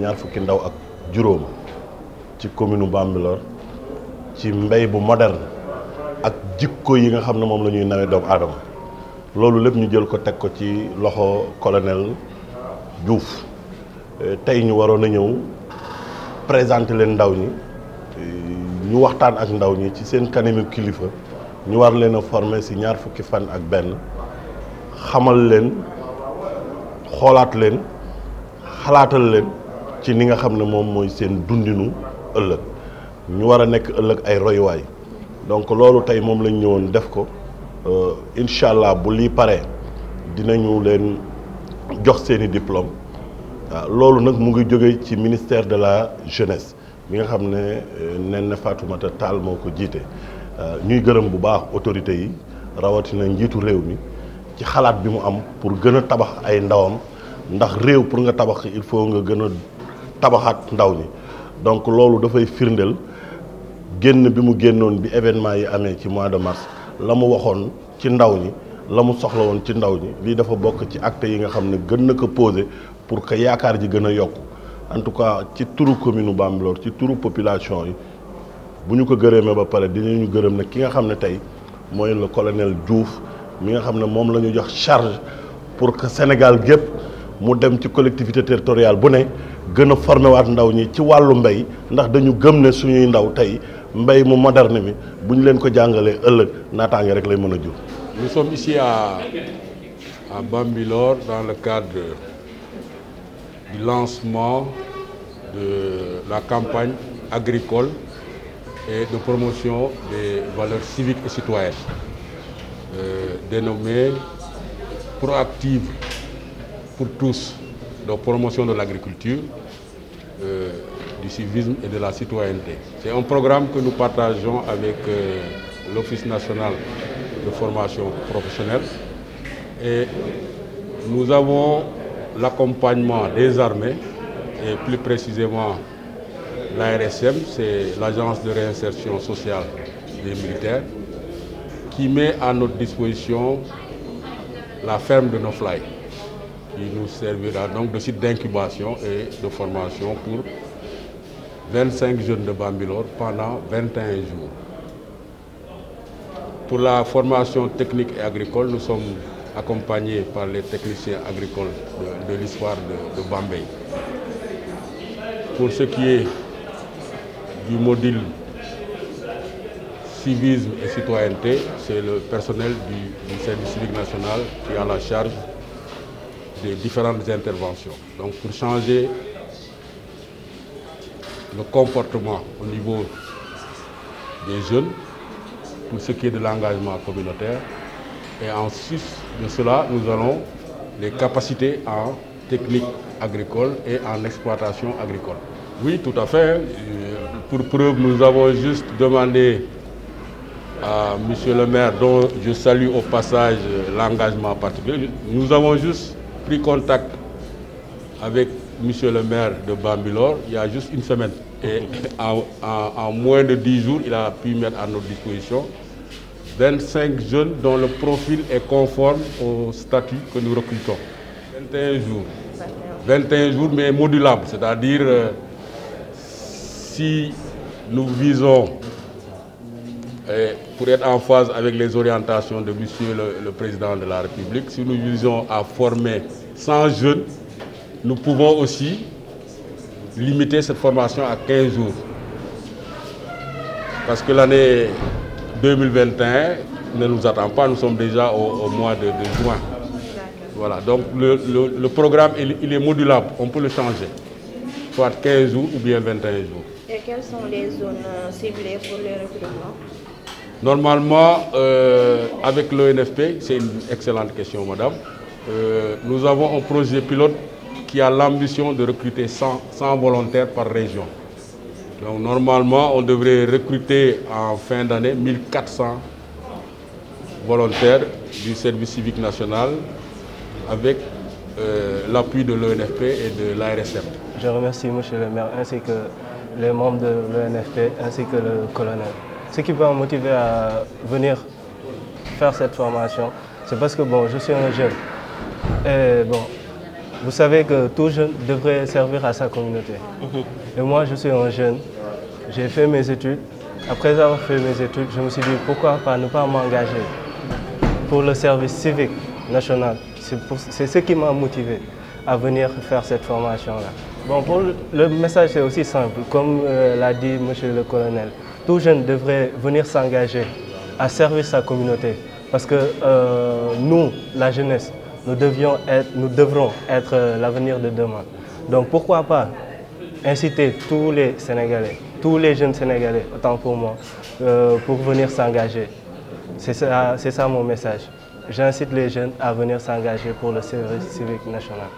ñaar fukki ndaw ak juróom ci commune Bambilor ci mbéy bu moderne ak jikko yi nga xam ne moom la ñuy nawee doomu aadama loolu lépp ñu jël ko teg ko ci loxo kolonel juuf euh, tey ñu waroon a ñëw présente leen ndaw ñi ñu waxtaan ak ndaw ñi ci seen kanamu kilifa ñu war leen a former si ñaar fukki fan ak benn xamal leen xoolaat leen xalaatal leen ci li nga xam ne moom mooy seen dundinu ëllëg ñu war a nekk ëllëg ay royuwaay donc loolu tey moom lañ ñëwoon def ko euh, incha allah bu lii paree dinañu leen jox seen i diplôme waaw loolu nag mu ngi jóge ci ministère de la jeunesse bi nga xam ne nen euh, na Fatoumata Tall moo ko jiite euh, ñuy gërëm bu baax autorité yi rawatina njiitu réew mi ci xalaat bi mu am pour gën a tabax ay ndawam ndax réew pour nga tabax il faut nga gën a tabaxaat ndaw ñi donc loolu dafay firndeel génn bi mu génnoon bi événement yi amee ci mois de mars la mu waxoon ci ndaw ñi la mu soxla woon ci ndaw ñi lii dafa bokk ci acte yi nga xam ne gën na ko posé pour que yaakaar ji gën a yokku en tout cas ci turu commune Bambilor ci turu population yi bu ñu ko gërëmee ba pare ñu gërëm ne ki nga xam ne tey mooy le colonel Diouf mi nga xam ne moom la ñu jox charge pour que Sénégal gépp mu dem ci collectivité territoriale bu ne gëna formé waat ndaw ñi ci walu mbéy ndax dañu gëm ne suñuy ndaw tay mbéy mu moderne mi bu leen ko jàngalee ëllëg naataange rek lay mën a jur. Nous sommes ici à à Bambilor dans le cadre du lancement de la campagne agricole et de promotion des valeurs civiques et citoyennes euh, dénommée proactive pour tous donc promotion de l'agriculture, euh, du civisme et de la citoyenneté. C'est un programme que nous partageons avec euh, l'Office national de formation professionnelle et nous avons l'accompagnement des armées et plus précisément l'ARSM, c'est l'agence de réinsertion sociale des militaires, qui met à notre disposition la ferme de nos il nous servira donc de site d'incubation et de formation pour 25 jeunes de Bambilor pendant 21 jours. Pour la formation technique et agricole, nous sommes accompagnés par les techniciens agricoles de, l'histoire de, de Bambay. Pour ce qui est du module civisme et citoyenneté, c'est le personnel du, service civique national qui a la charge des différentes interventions. Donc pour changer le comportement au niveau des jeunes, pour ce qui est de l'engagement communautaire. Et en sus de cela, nous allons les capacités en technique agricole et en exploitation agricole. Oui, tout à fait. Euh, pour preuve, nous avons juste demandé à M. le maire, dont je salue au passage euh, l'engagement particulier, nous avons juste pris contact avec monsieur le maire de Bambilor il y a juste une semaine. Et en, moins de dix jours, il a pu mettre à notre disposition 25 jeunes dont le profil est conforme au statut que nous recrutons. 21 jours. 21 jours, mais modulable, c'est-à-dire euh, si nous visons, euh, pour être en phase avec les orientations de Monsieur le Président de la République, si nous visons à former sans jeunes, nous pouvons aussi limiter cette formation à 15 jours. Parce que l'année 2021 ne nous attend pas, nous sommes déjà au, mois de, juin. Voilà, donc le, programme, il, est modulable, on peut le changer, soit 15 jours ou bien 21 jours. Et quelles sont les zones euh, ciblées pour le recrutement Normalement, euh, avec l'ONFP, c'est une excellente question, madame. Euh, nous avons un projet pilote qui a l'ambition de recruter 100, volontaires par région. Donc normalement, on devrait recruter en fin d'année 1400 volontaires du service civique national avec euh, l'appui de l'ENFP et de l'ARSM. Je remercie M. le maire ainsi que les membres de l'ENFP ainsi que le colonel. Ce qui peut me motiver à venir faire cette formation, c'est parce que bon, je suis un jeune euh, bon, vous savez que tout jeune devrait servir à sa communauté. Mhm. Et moi, je suis un jeune. J'ai fait mes études. Après avoir fait mes études, je me suis dit pourquoi pas ne pas m'engager pour le service civique national. C'est ce qui m'a motivé à venir faire cette formation-là. Bon, le message, est aussi simple. Comme euh, l'a dit monsieur le colonel, tout jeune devrait venir s'engager à servir sa communauté. Parce que euh, nous, la jeunesse, nous, devions être, nous devrons être euh, l'avenir de demain. Donc pourquoi pas inciter tous les Sénégalais, tous les jeunes Sénégalais, autant pour moi, euh, pour venir s'engager. C'est ça, ça mon message. J'incite les jeunes à venir s'engager pour le service civique national.